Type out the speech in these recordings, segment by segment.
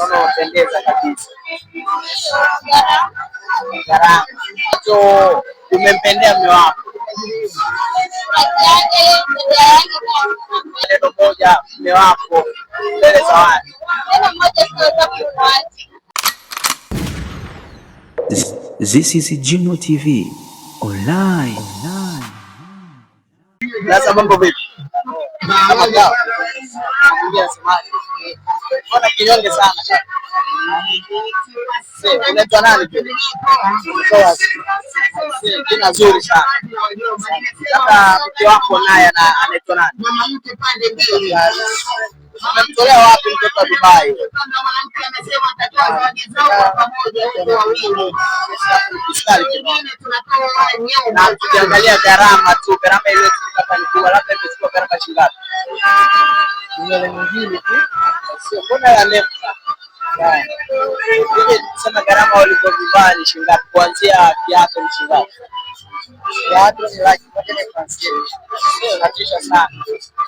wanaopendeza kabisa. Garama so umempendea mume wako neno moja, mume wako mbele za This is Juno TV online. Sasa mambo vipi? ona kinyonge sana. Unaitwa nani? Jina zuri sana. Sasa mke wako naye anaitwa nani? Amemtolea wapi mtoto wa Dubai? tukiangalia gharama tu, gharama ile labda imechukua gharama shilingi nywele nyingine tu, sio mbona la ndefu Gharama walipo vibali shilingi ngapi? Kuanzia kiatu ni shilingi ngapi? Kiatu ni laki moja na hamsini. Inatisha sana.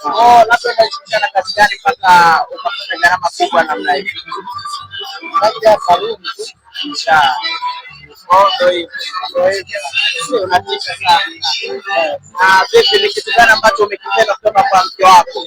Oh, labda unashirikiana kazi gani mpaka ukafanya gharama kubwa namna hii? Labda saluni tu insha oh, unatisha sana. Eh. Na vipi, ni kitu gani ambacho umekipenda kutoka kwa mke wako?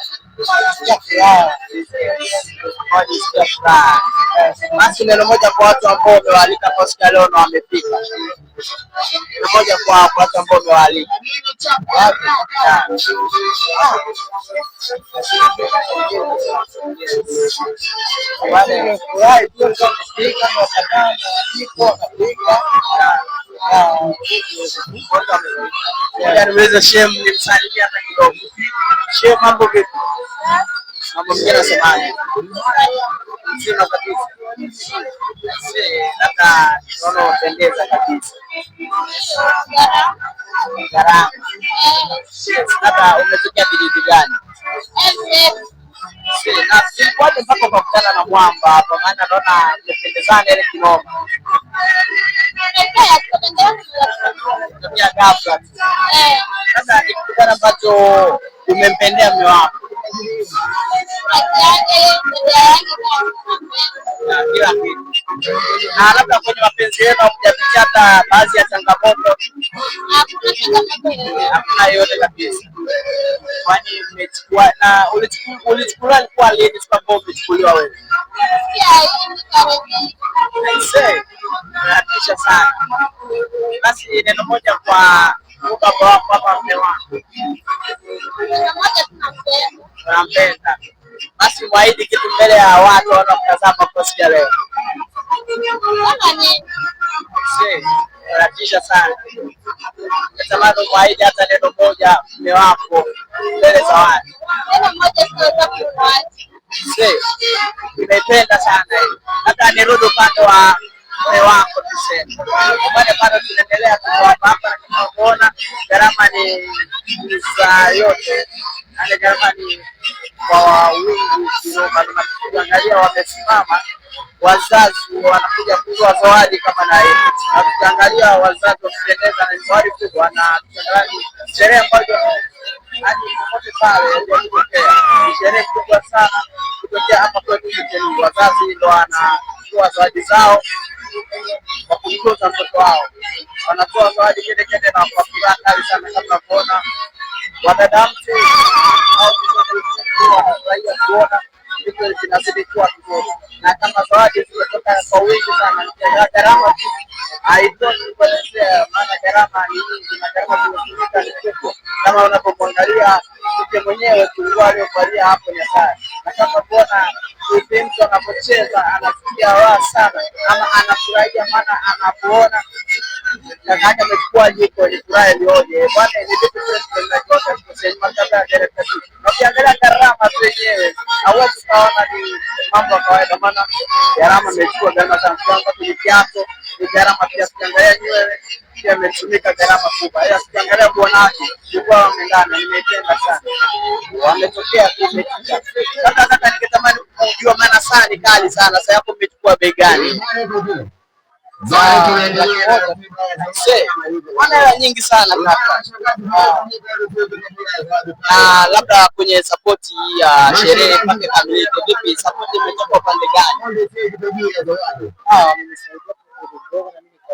Basi neno moja kwa watu ambao umewaalika kwa siku ya leo na wamefika, neno moja kwa watu ambao umewaalika yaani niweze shemu nimsalimie hata kidogo. Shemu, mambo vipi? Mambo mengine nasemaje? Mzima kabisa. Hata naona pendeza kabisa. Garama. Hata umefikia kijiji gani? Ilikuwaje mpaka ukakutana na mwamba hapa? Maana naona mmependezana ile kinoma eh. Sasa ni kitu gani ambacho umempendea mume wako? na labda kwenye mapenzi yenu hamjapitia hata baadhi ya changamoto? Hakuna yote kabisa. Kwani umechukua na ulichukuliwa, alikuwa lini mpaka umechukuliwa wewe? Inatisha sana. Basi neno moja kwa baba wako ama mke wako. Nampenda basi mwahidi kitu mbele ya watu wanaotazama kosi ya leo? Natisha sana, natamani mwahidi hata neno moja mume wako mbele za watu. Nimeipenda sana hii, hata nirudi upande wa mume wako Kwani bado tunaendelea kuwapa hapa na unaona gharama ni za yote, na yaani gharama ni kwa wingi kidogo. Tunaangalia wamesimama wazazi wanakuja kutoa zawadi kama na hiyo, tunaangalia wazazi wakipendeza na zawadi kubwa, na sherehe ambayo hadi popote pale ni sherehe kubwa sana kutokea hapa kwetu. Wazazi ndo wanatoa zawadi zao kwa kumtunza mtoto wao. Wanatoa zawadi kedekede na kwa furaha kali sana, kama unavyoona wadadamtu au wanafurahia kuona vitu vinazidi kuwa vizuri, na kama zawadi zimetoka kwa wingi sana, gharama haitoshi kuelezea, maana gharama ni nyingi na gharama zimetumika ni kubwa, kama unapomwangalia mke mwenyewe kulikuwa aliovalia hapo Nyasaye, na kama kuona vipi mtu anapocheza anasikia raha sana, ama anafurahia maana anapoona kakake amechukua jiko ni furaha ilioje bwana. Ni vitu ukiangalia gharama tu yenyewe hauwezi ukaona ni mambo ya kawaida, maana gharama imechukua gharama za mchango kwenye kiato ni gharama pia. Tukiangalia eh, nywele pia imetumika gharama kubwa, ila tukiangalia kuona ilikuwa wamendana, nimeipenda sana, wametokea kumetika kaka kaka, ningetamani kujua, maana saa ni kali sana. Saa yako umechukua bei gani? Ah, Ana hela nyingi sana kaka, ah, na labda kwenye sapoti ya sherehe pake kamilike, vipi sapoti imetoka upande gani?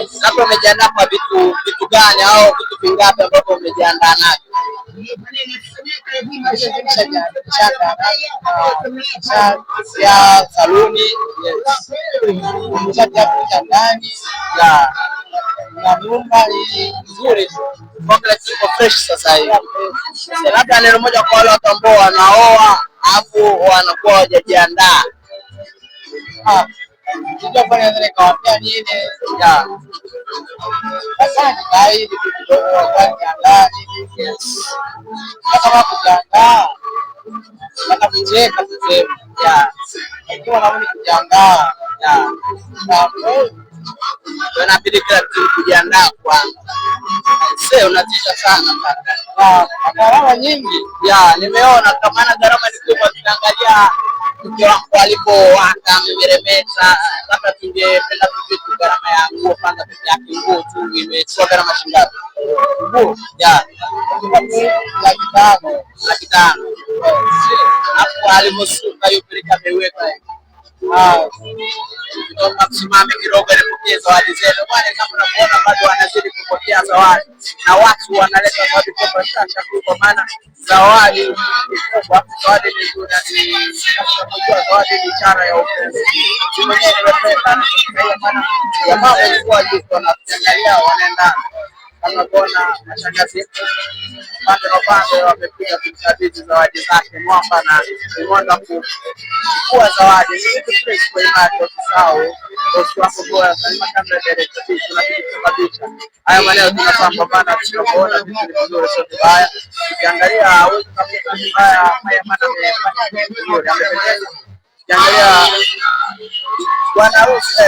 Labda umejiandaa kwa vitu vitu gani au vitu vingapi ambavyo umejiandaa navyo? Saluni cha ndani na nyumba hii nzuri fresh sasa hivi. Labda neno moja kwa wale watu ambao wanaoa alafu wanakuwa wajajiandaa ah, inabidi kujiandaa kwanza. Mzee unatisha sana kaka. Ah, gharama nyingi. Ya, nimeona kama na gharama ni kubwa tunaangalia mke wangu waka amemeremeta, labda tungependa kupita gharama ya nguo kwanza peke yake, nguo tu imechukua gharama shingapi? Nguo ya laki tano, laki tano. Alafu alivyosuka hiyo pirika ameweka msimame kidogo alipokea zawadi zenu bwana. Kama unaona bado wanazidi kupokea zawadi na watu wanaleta zawadi kwa shasha, kwa maana zawadi kubwa, zawadi nzuri, na zawadi ni ishara ya upendo. Tumejipenda na kwa maana kwa wanaenda Amekuona mashangazi pande na pande wamepiga kumkabidhi zawadi zake mwamba na imeenda kuchukua zawadi. Usisahau Haya maneno tunapambana, tunaona vitu vizuri, sio vibaya. Ukiangalia Ukiangalia bwana harusi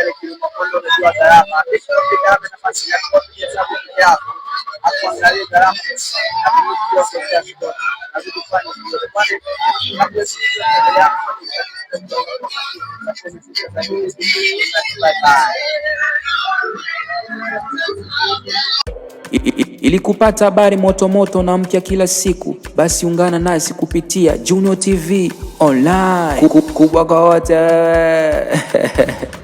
ile kilimo kondo, unajua gharama nafasi yako ili kupata habari motomoto na mpya kila siku, basi ungana nasi kupitia Junior TV Online. Kubwa kwa wote.